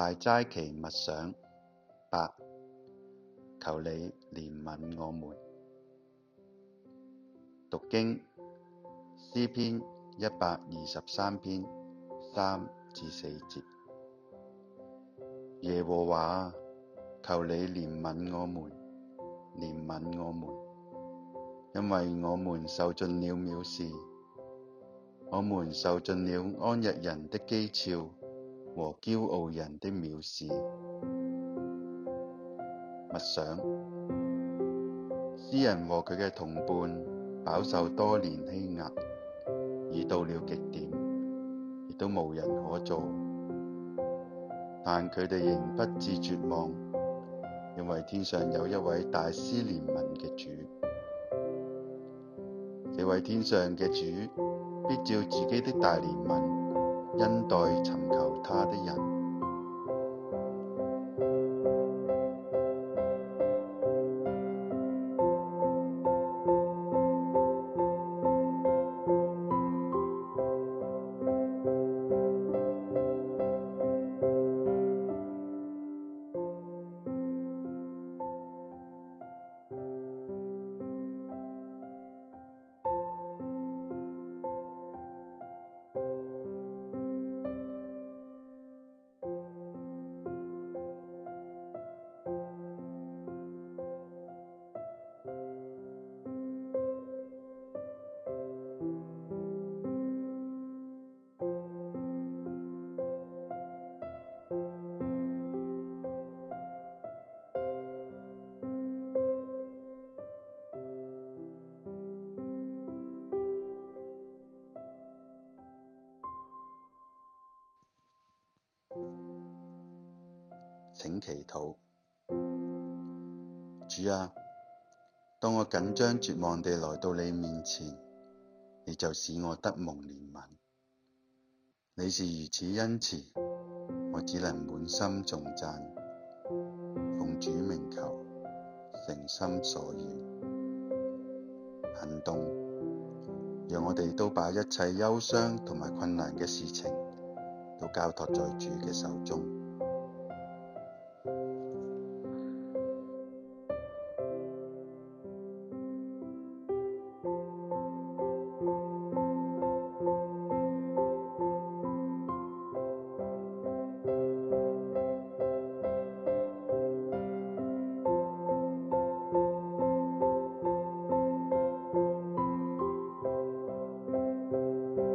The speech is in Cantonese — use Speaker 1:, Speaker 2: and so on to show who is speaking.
Speaker 1: 大齋期默想八，求你憐憫我們。讀經詩篇一百二十三篇三至四節，耶和華，求你憐憫我們，憐憫我們，因為我們受盡了藐視，我們受盡了安逸人的譏誚。和驕傲人的藐視。默想，詩人和佢嘅同伴飽受多年欺壓，已到了極點，亦都無人可助。但佢哋仍不至絕望，因為天上有一位大施憐憫嘅主，這位天上嘅主必照自己的大憐憫，恩待尋求他的人。請祈禱，主啊，當我緊張絕望地來到你面前，你就使我得蒙憐憫。你是如此恩慈，我只能滿心頌讚。奉主名求，誠心所願。行動，讓我哋都把一切憂傷同埋困難嘅事情都交託在主嘅手中。